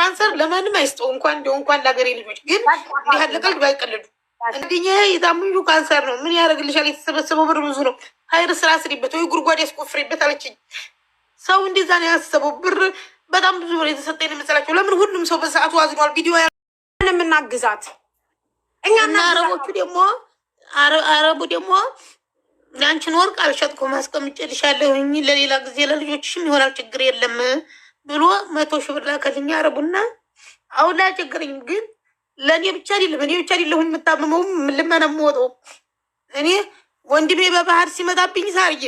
ካንሰር ለማንም አይስጠው። እንኳን እንዲሁ እንኳን ለሀገሬ ልጆች ግን ያለቀል ባይቀልዱ እንዲህ የታሙኙ ካንሰር ነው። ምን ያደርግልሻል? የተሰበሰበው ብር ብዙ ነው። ሀይር ስራ ስሪበት ወይ ጉድጓድ ያስቆፍሬበት አለችኝ። ሰው እንደዛ ነው ያሰበው። ብር በጣም ብዙ ብር የተሰጠ መሰላቸው። ለምን ሁሉም ሰው በሰዓቱ አዝኗል። ቪዲዮ የምናግዛት እኛ እና አረቦቹ ደግሞ አረቡ ደግሞ ለአንቺን ወርቅ አልሸጥኩም አስቀምጬልሻለሁኝ ለሌላ ጊዜ ለልጆችሽም ይሆናል ችግር የለም ብሎ መቶ ሺህ ብር ላከልኝ። አረቡና አሁን ላይ አቸገረኝ። ግን ለእኔ ብቻ አይደለም እኔ ብቻ አይደለሁም የምታመመውም ልመና የምወጣው እኔ ወንድሜ በባህር ሲመጣብኝ ሳርዬ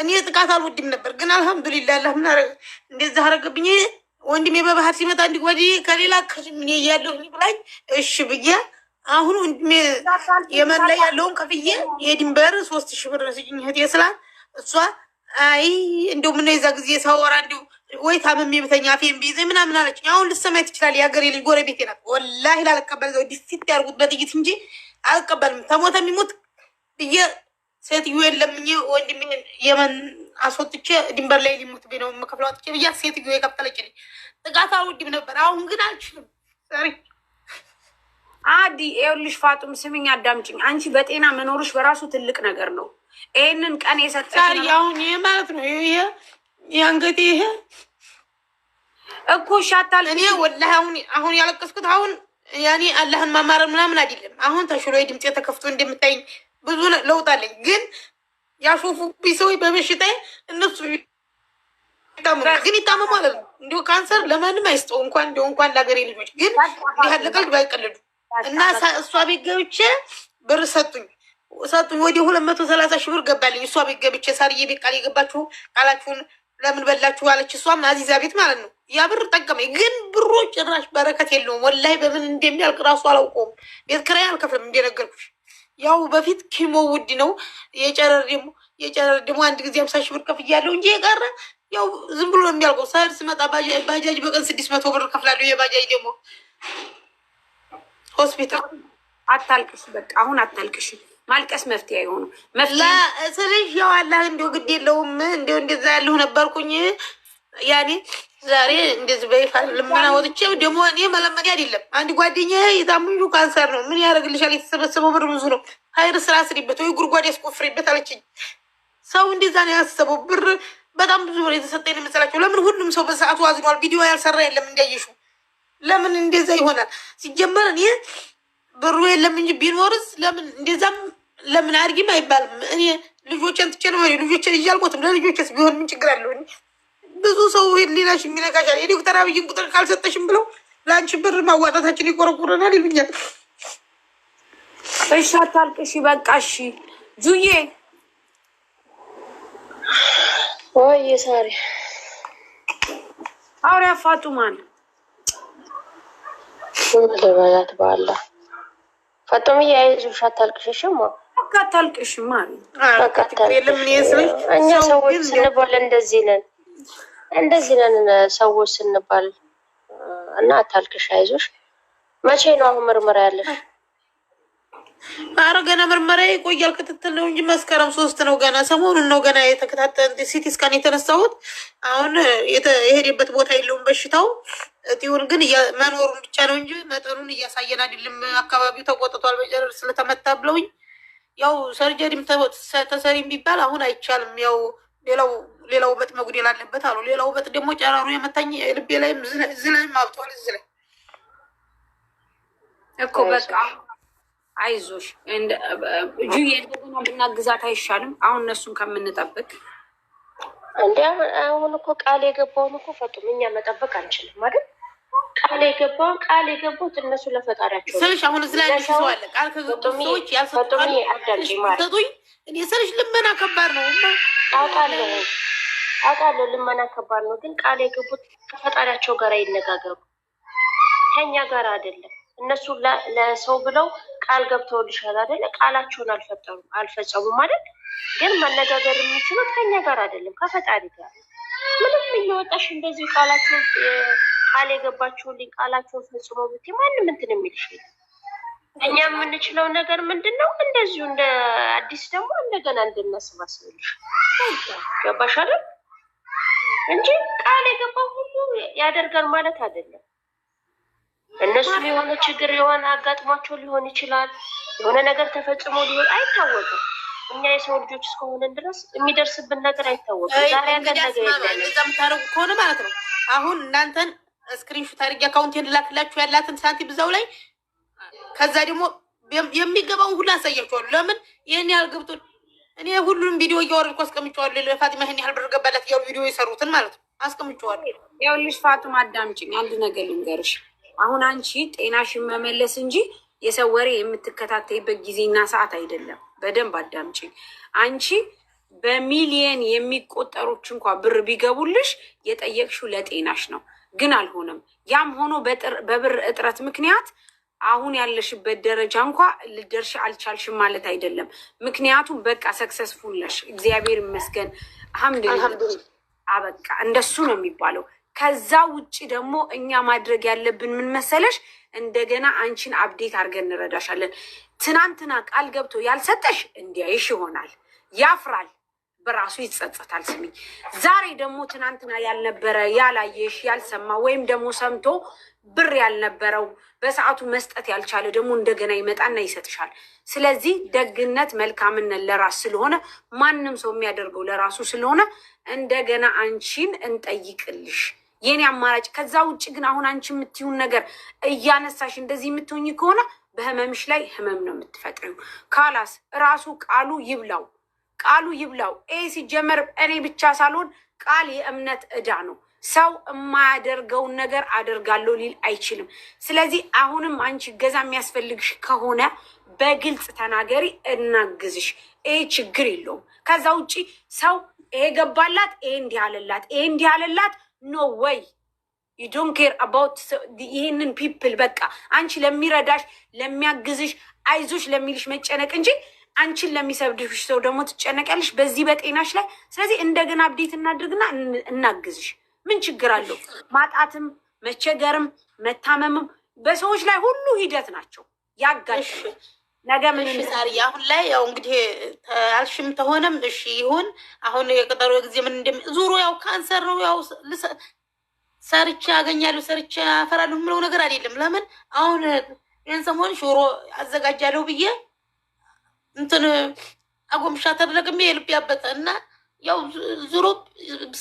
እኔ ጥቃት አልወድም ነበር። ግን አልሐምዱሊላ ላ ምን እንደዛ አረገብኝ። ወንድሜ በባህር ሲመጣ እንዲ ወዲ ከሌላ ምን እያለሁ ብላኝ እሺ ብዬ አሁን ወንድሜ የመን ላይ ያለውን ከፍዬ የድንበር ሶስት ሺ ብር ስጭኝ እህቴ ስላት እሷ አይ እንደው ምን የዛ ጊዜ ሳወራ እንዲሁ ወይ ታምሜ ብተኛ ፌን ቢይዘ ምናምን አለች። አሁን ልሰማይ ትችላል። የሀገሬ ልጅ ጎረቤቴ ናት። ወላሂ ላልቀበል ዘው ዲስት ያርጉት በጥይት እንጂ አልቀበልም። ተሞተ የሚሞት ብዬ ሴትዮ የለምኝ ወንድሜ የመን አስወጥቼ ድንበር ላይ ሊሞት ቤ ነው የምከፍለው አጥቼ ብያ ሴትዮ የከፈለችልኝ ጥቃት አውድም ነበር። አሁን ግን አልችልም። ሰሪ አዲ ይኸውልሽ፣ ፋጡም ስምኝ፣ አዳምጭኝ። አንቺ በጤና መኖርሽ በራሱ ትልቅ ነገር ነው። ይህንን ቀን የሰጠ አሁን ይሄ ማለት ነው ይሄ የአንገቴ ይሄ እኮ ሻታል። እኔ ወላሂ አሁን ያለቀስኩት አሁን ያኔ አላህን ማማረር ምናምን አይደለም። አሁን ተሽሎ ድምፅ ተከፍቶ እንደምታይኝ ብዙ ለውጥ አለኝ። ግን ያሾፉብኝ ሰዎች በበሽታዬ እነሱ ግን ይታመሙ ማለት ነው። እንዲሁ ካንሰር ለማንም አይስጠው እንኳን እንዲሁ እንኳን ለሀገሬ ልጆች ግን ያለቀል ባይቀልዱ እና እሷ ቤት ገብቼ ብር ሰጡኝ ሰጡኝ ወደ ሁለት መቶ ሰላሳ ሺህ ብር ገባልኝ። እሷ ቤት ገብቼ ሳርዬ ቤት ቃል የገባችሁ ቃላችሁን ለምን በላችሁ አለች። እሷም አዚዛ ቤት ማለት ነው። ያ ብር ጠቀመኝ፣ ግን ብሮ ጭራሽ በረከት የለውም። ወላይ በምን እንደሚያልቅ ራሱ አላውቀውም። ቤት ክራይ አልከፍልም እንደነገርኩሽ። ያው በፊት ኪሞ ውድ ነው። የጨረር ደግሞ የጨረር ደግሞ አንድ ጊዜ ሀምሳ ሺህ ብር ከፍያለሁ እንጂ የቀረ ያው ዝም ብሎ ነው የሚያልቀው። ሰር ስመጣ ባጃጅ በቀን ስድስት መቶ ብር ከፍላለሁ። የባጃጅ ደግሞ ሆስፒታል። አታልቅሽ፣ በቃ አሁን አታልቅሽም። ማልቀስ መፍትሄ አይሆኑ መፍትሄ ስልሽ ያው አላህ እንዲሁ ግድ የለውም እንዲሁ እንደዛ ያለሁ ነበርኩኝ ያኔ ዛሬ እንደዚህ በይፋ ልመና ወጥቼ ደግሞ እኔ መለመድ አይደለም። አንድ ጓደኛ የታመመው ካንሰር ነው፣ ምን ያደርግልሻል? የተሰበሰበው ብር ብዙ ነው፣ ሀይር ስራ ስሪበት ወይ ጉድጓድ ያስቆፍሪበት አለችኝ። ሰው እንደዛ ነው ያሰበው። ብር በጣም ብዙ ብር የተሰጠ የመሰላቸው። ለምን ሁሉም ሰው በሰዓቱ አዝኗል። ቪዲዮ ያልሰራ የለም እንዳየሹ። ለምን እንደዛ ይሆናል? ሲጀመር እኔ ብሩ የለም እንጂ ቢኖርስ ለምን እንደዛም ለምን አድርጊም አይባልም። እኔ ልጆችን ትቼ ነው ልጆችን እያልኩትም ለልጆችስ ቢሆን ምን ችግር አለው? ብዙ ሰው ሌላሽ የሚነጋሻል። የዶክተር አብይን ቁጥር ካልሰጠሽም ብለው ለአንቺ ብር ማዋጣታችን ይቆረቁረናል ይሉኛል። እሺ አታልቅሽ፣ በቃ እሺ ጁዬ። ወይ ሳሪ አውሪያ ፋጡማን ምን ልበላት? በኋላ ፋጡምዬ አይዞሽ፣ አታልቅሽሽም በቃ አታልቅሽማ እኛ ሰዎች ስንባል እንደዚህ ነን እንደዚህ ነን ሰዎች ስንባል እና አታልቅሽ አይዞሽ መቼ ነው አሁን ምርመራ ያለሽ አረ ገና ምርመራ ይቆያል ክትትል ነው እንጂ መስከረም ሶስት ነው ገና ሰሞኑን ነው ገና የተከታተል ሲቲ ስካን የተነሳሁት አሁን የሄደበት ቦታ የለውም በሽታው እጢውን ግን መኖሩን ብቻ ነው እንጂ መጠኑን እያሳየን አይደለም አካባቢው ተቆጥቷል ስለተመታ ብለውኝ ያው ሰርጀሪም ተሰሪም ቢባል አሁን አይቻልም። ያው ሌላው ሌላ ውበት መጉደል አለበት አሉ። ሌላ ውበት ደግሞ ጨረሩ የመታኝ ልቤ ላይም ዝላይም አብጧል። እዚ ላይ እኮ በቃ አይዞሽ ጁዬ፣ እንደገና ብናግዛት አይሻልም? አሁን እነሱን ከምንጠብቅ እንዲ አሁን እኮ ቃል የገባውን እኮ ፈጡም እኛ መጠበቅ አንችልም አይደል? ቃል የገባው ቃል የገቡት እነሱ ለፈጣሪያቸው ስልሽ አሁን እዚህ ላይ ሰው አለ ቃል ከገቡ ሰዎች ያልሰጡኝ እኔ ስልሽ ልመና ከባድ ነው አውቃለሁ አውቃለሁ ልመና ከባድ ነው ግን ቃል የገቡት ከፈጣሪያቸው ጋር ይነጋገሩ ከኛ ጋር አይደለም እነሱ ለሰው ብለው ቃል ገብተውልሻል አይደለ ቃላቸውን አልፈጠሩም አልፈጸሙም ማለት ግን መነጋገር የሚችሉት ከኛ ጋር አይደለም ከፈጣሪ ጋር ምንም እየወጣሽ እንደዚህ ቃላቸው ቃል የገባችሁልኝ ቃላችሁን ፈጽሞ ብትይ ማንም እንትን የሚልሽ እኛ የምንችለው ነገር ምንድን ነው? እንደዚሁ እንደ አዲስ ደግሞ እንደገና እንድናሰባስብልሽ ገባሽ አይደል? እንጂ ቃል የገባው ሁሉ ያደርጋል ማለት አይደለም። እነሱም የሆነ ችግር የሆነ አጋጥሟቸው ሊሆን ይችላል። የሆነ ነገር ተፈጽሞ ሊሆን አይታወቅም። እኛ የሰው ልጆች እስከሆነን ድረስ የሚደርስብን ነገር አይታወቅም። ዛሬ ያለ ነገር ከሆነ ማለት ነው አሁን እናንተን ስክሪንሾት አድርጌ አካውንት የላክላችሁ ያላትን ሳንቲም ብዛው ላይ ከዛ ደግሞ የሚገባውን ሁሉ አሳያችኋለሁ። ለምን ይህን ያህል ገብቶ እኔ ሁሉንም ቪዲዮ እያወረድኩ አስቀምጨዋለሁ። ለፋቲማ ይህን ያህል ብር ገባላት እያሉ ቪዲዮ የሰሩትን ማለት ነው አስቀምጨዋለሁ። ይኸውልሽ ፋቱም አዳምጪኝ፣ አንድ ነገር ልንገርሽ። አሁን አንቺ ጤናሽን መመለስ እንጂ የሰው ወሬ የምትከታተይበት ጊዜና ሰዓት አይደለም። በደንብ አዳምጪኝ። አንቺ በሚሊየን የሚቆጠሩች እንኳ ብር ቢገቡልሽ የጠየቅሽው ለጤናሽ ነው። ግን አልሆነም። ያም ሆኖ በብር እጥረት ምክንያት አሁን ያለሽበት ደረጃ እንኳ ልደርሽ አልቻልሽም ማለት አይደለም። ምክንያቱም በቃ ሰክሰስፉል ነሽ፣ እግዚአብሔር ይመስገን፣ አበቃ፣ እንደሱ ነው የሚባለው። ከዛ ውጭ ደግሞ እኛ ማድረግ ያለብን ምን መሰለሽ፣ እንደገና አንቺን አብዴት አድርገን እንረዳሻለን። ትናንትና ቃል ገብቶ ያልሰጠሽ እንዲያይሽ ይሆናል፣ ያፍራል በራሱ ይጸጸታል። ስሚኝ፣ ዛሬ ደግሞ ትናንትና ያልነበረ ያላየሽ ያልሰማ ወይም ደግሞ ሰምቶ ብር ያልነበረው በሰዓቱ መስጠት ያልቻለ ደግሞ እንደገና ይመጣና ይሰጥሻል። ስለዚህ ደግነት መልካምነት ለራስ ስለሆነ ማንም ሰው የሚያደርገው ለራሱ ስለሆነ እንደገና አንቺን እንጠይቅልሽ የኔ አማራጭ። ከዛ ውጭ ግን አሁን አንቺ የምትይውን ነገር እያነሳሽ እንደዚህ የምትሆኝ ከሆነ በህመምሽ ላይ ህመም ነው የምትፈጥሪው። ካላስ ራሱ ቃሉ ይብላው ቃሉ ይብላው። ይሄ ሲጀመር እኔ ብቻ ሳልሆን ቃል የእምነት እዳ ነው። ሰው የማያደርገውን ነገር አደርጋለሁ ሊል አይችልም። ስለዚህ አሁንም አንቺ እገዛ የሚያስፈልግሽ ከሆነ በግልጽ ተናገሪ፣ እናግዝሽ። ይህ ችግር የለውም። ከዛ ውጭ ሰው ይሄ ገባላት፣ ይሄ እንዲህ አለላት፣ ይሄ እንዲህ አለላት፣ ኖ ወይ ዶንት ኬር አባውት ይህንን ፒፕል። በቃ አንቺ ለሚረዳሽ ለሚያግዝሽ አይዞሽ ለሚልሽ መጨነቅ እንጂ አንቺን ለሚሰብድሽ ሰው ደግሞ ትጨነቂያለሽ፣ በዚህ በጤናሽ ላይ። ስለዚህ እንደገና አብዴት እናድርግና እናግዝሽ። ምን ችግር አለው? ማጣትም መቸገርም መታመምም በሰዎች ላይ ሁሉ ሂደት ናቸው። ያጋሽ ነገ ምን ሳሪ፣ አሁን ላይ ያው እንግዲህ አልሽም ተሆነም እሺ ይሁን። አሁን የቀጠሮ ጊዜ ምን እንደም ዙሮ ያው ካንሰር ነው ያው ሰርቼ አገኛለሁ ሰርቼ አፈራለሁ የምለው ነገር አይደለም። ለምን አሁን ይህን ሰሞን ሽሮ አዘጋጃለሁ ብዬ እንትን አጎምሻ ተደረገም የልብ ያበጠ እና ያው ዞሮ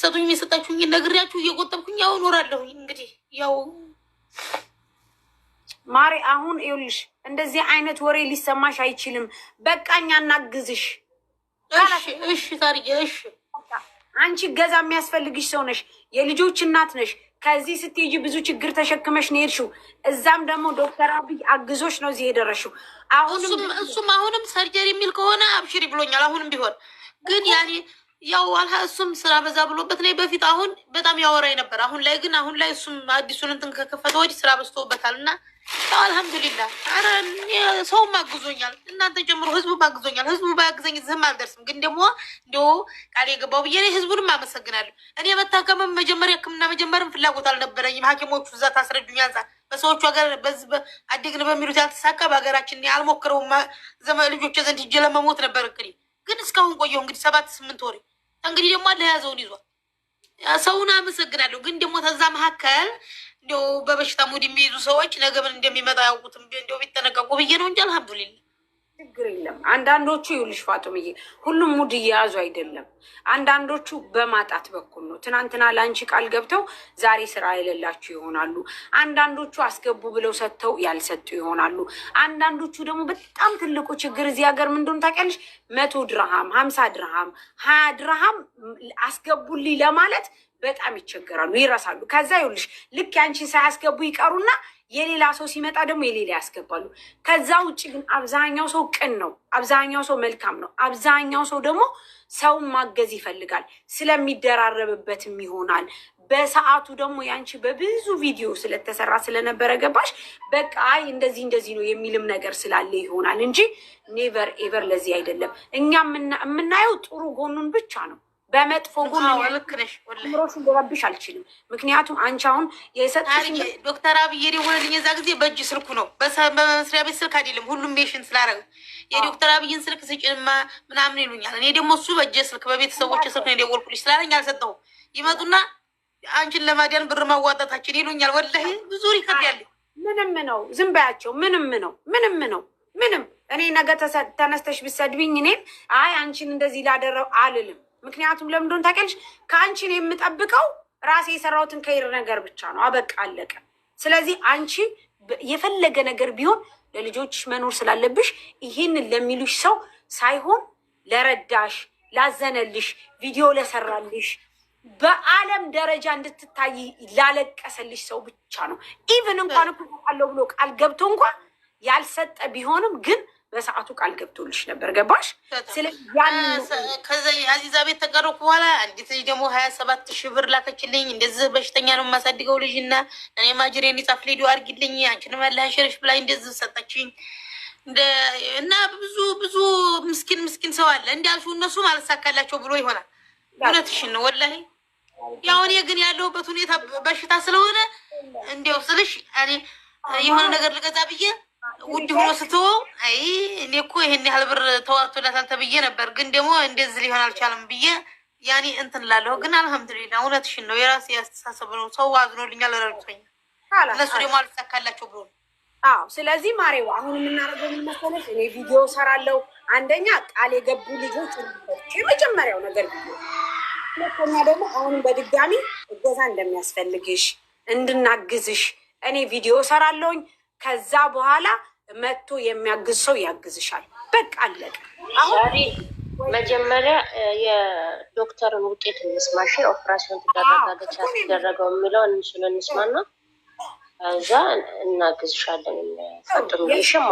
ሰጡኝ የሰጣችሁኝ ነግሬያችሁ እየቆጠብኩኝ ያው እኖራለሁኝ። እንግዲህ ያው ማሪ አሁን ይኸውልሽ እንደዚህ አይነት ወሬ ሊሰማሽ አይችልም። በቃኛ እናግዝሽ። እሺ ታሪዬ፣ እሺ አንቺ ገዛ የሚያስፈልግሽ ሰው ነሽ፣ የልጆች እናት ነሽ። ከዚህ ስትሄጂ ብዙ ችግር ተሸክመሽ ነው የሄድሽው። እዛም ደግሞ ዶክተር አብይ አግዞች ነው እዚህ የደረሽው። እሱም አሁንም ሰርጀሪ የሚል ከሆነ አብሽሪ ብሎኛል። አሁንም ቢሆን ግን ያኔ ያው አልሀ እሱም ስራ በዛ ብሎበት ላይ በፊት አሁን በጣም ያወራኝ ነበር። አሁን ላይ ግን አሁን ላይ እሱም አዲሱን እንትን ከከፈተ ወዲህ ስራ በዝቶበታል እና አልሐምዱሊላህ ሰውም አግዞኛል፣ እናንተ ጀምሮ ህዝቡ አግዞኛል። ህዝቡ ባያግዘኝ ዝም አልደርስም። ግን ደግሞ እንዲ ቃል የገባው ብዬ ህዝቡንም አመሰግናለሁ። እኔ መታከምም መጀመሪያ ህክምና መጀመርም ፍላጎት አልነበረኝም። ሐኪሞቹ እዛ ታስረዱኝ አንፃ በሰዎቹ ሀገር በዚህ አደግን በሚሉት ያልተሳካ በሀገራችን አልሞክረውም። ዘመ ልጆች ዘንድ ሂጅ ለመሞት ነበር እቅዴ። ግን እስካሁን ቆየሁ እንግዲህ ሰባት ስምንት ወሬ እንግዲህ ደግሞ ለያዘውን ይዟል። ሰውን አመሰግናለሁ። ግን ደግሞ ተዛ መካከል እንዲያው በበሽታ ሙድ የሚይዙ ሰዎች ነገ ምን እንደሚመጣ ያውቁትም እንዲያው ቢጠነቀቁ ብዬ ነው እንጂ አልሐምዱሊላ ችግር የለም። አንዳንዶቹ ይኸውልሽ ፋጡምዬ፣ ሁሉም ሙድ እየያዙ አይደለም። አንዳንዶቹ በማጣት በኩል ነው። ትናንትና ለአንቺ ቃል ገብተው ዛሬ ስራ የሌላችሁ ይሆናሉ። አንዳንዶቹ አስገቡ ብለው ሰጥተው ያልሰጡ ይሆናሉ። አንዳንዶቹ ደግሞ በጣም ትልቁ ችግር እዚህ ሀገር ምን እንደሆነ ታውቂያለሽ? መቶ ድርሃም፣ ሀምሳ ድርሃም፣ ሀያ ድርሃም አስገቡልኝ ለማለት በጣም ይቸገራሉ፣ ይረሳሉ። ከዛ ይኸውልሽ ልክ ያንቺን ሳያስገቡ ይቀሩና የሌላ ሰው ሲመጣ ደግሞ የሌላ ያስገባሉ። ከዛ ውጭ ግን አብዛኛው ሰው ቅን ነው፣ አብዛኛው ሰው መልካም ነው፣ አብዛኛው ሰው ደግሞ ሰውን ማገዝ ይፈልጋል። ስለሚደራረብበትም ይሆናል። በሰዓቱ ደግሞ ያንቺ በብዙ ቪዲዮ ስለተሰራ ስለነበረ ገባሽ፣ በቃ አይ እንደዚህ እንደዚህ ነው የሚልም ነገር ስላለ ይሆናል እንጂ ኔቨር ኤቨር ለዚህ አይደለም። እኛ የምናየው ጥሩ ጎኑን ብቻ ነው። በመጥፎ ጎን ምሮሽ ልረብሽ አልችልም። ምክንያቱም አንቺ አሁን የሰጠሽ ዶክተር አብይ የደወለልኝ የዛ ጊዜ በእጅ ስልኩ ነው፣ በመስሪያ ቤት ስልክ አይደለም። ሁሉም ሜሽን ስላረግ የዶክተር አብይን ስልክ ስጭንማ ምናምን ይሉኛል። እኔ ደግሞ እሱ በእጅ ስልክ በቤተሰቦች ስልክ ነው የደወልኩልሽ ስላለኝ አልሰጠሁም። ይመጡና አንቺን ለማዳን ብር ማዋጣታችን ይሉኛል። ወላሂ ብዙ ሪከርድ ያለ ምንም ነው። ዝም በያቸው። ምንም ነው። ምንም ነው። ምንም እኔ ነገ ተነስተሽ ብሰድብኝ እኔም አይ አንቺን እንደዚህ ላደረው አልልም ምክንያቱም ለምንድን ታውቂያለሽ? ከአንቺን የምጠብቀው ራሴ የሰራሁትን ከይር ነገር ብቻ ነው። አበቃ አለቀ። ስለዚህ አንቺ የፈለገ ነገር ቢሆን ለልጆችሽ መኖር ስላለብሽ ይህንን ለሚሉሽ ሰው ሳይሆን ለረዳሽ፣ ላዘነልሽ፣ ቪዲዮ ለሰራልሽ፣ በዓለም ደረጃ እንድትታይ ላለቀሰልሽ ሰው ብቻ ነው። ኢቭን እንኳን እኮ አለው ብሎ ቃል ገብቶ እንኳን ያልሰጠ ቢሆንም ግን በሰዓቱ ቃል ገብቶልሽ ነበር። ገባሽ? ስለዚህ አዚዛ ቤት ተቀረኩ በኋላ አንዲት ልጅ ደግሞ ሀያ ሰባት ሺህ ብር ላከችልኝ። እንደዚህ በሽተኛ ነው የማሳድገው ልጅ እና እኔ ማጅሬ እንዲጻፍ ሌዲ አድርጊልኝ አንቺን መላሸርሽ ብላይ እንደዚህ ሰጠችኝ። እና ብዙ ብዙ ምስኪን ምስኪን ሰው አለ እንዲያልሱ እነሱ ማለት ሳካላቸው ብሎ ይሆናል። እውነትሽን ነው ወላሂ ያው እኔ ግን ያለሁበት ሁኔታ በሽታ ስለሆነ እንዲያው ስልሽ የሆነ ነገር ልገዛ ብዬ ውድ ሆኖ ስቶ አይ እኔ እኮ ይህን ያህል ብር ተዋርቶላታል ተብዬ ነበር፣ ግን ደግሞ እንደዚህ ሊሆን አልቻለም ብዬ ያኔ እንትን ላለሁ። ግን አልሐምዱሊላ እውነትሽን ነው። የራሴ ያስተሳሰብ ነው። ሰው አዝኖልኛል፣ ረድቶኛል። እነሱ ደግሞ አልተሳካላቸው ብሎ አዎ። ስለዚህ ማሬው አሁን የምናደርገው ምን መሰለሽ፣ እኔ ቪዲዮ ሰራለው። አንደኛ ቃል የገቡ ልጆች የመጀመሪያው ነገር ቪዲዮ፣ ሁለተኛ ደግሞ አሁንም በድጋሚ እገዛ እንደሚያስፈልግሽ እንድናግዝሽ እኔ ቪዲዮ ሰራለውኝ ከዛ በኋላ መጥቶ የሚያግዝ ሰው ያግዝሻል። በቃ አለቀ። አሁን መጀመሪያ የዶክተርን ውጤት እንስማሽ። ኦፕራሽን ተደረጋገች ያስደረገው የሚለው እንስማ ና እዛ እናግዝሻለን። ፈጥሩ ይሽማ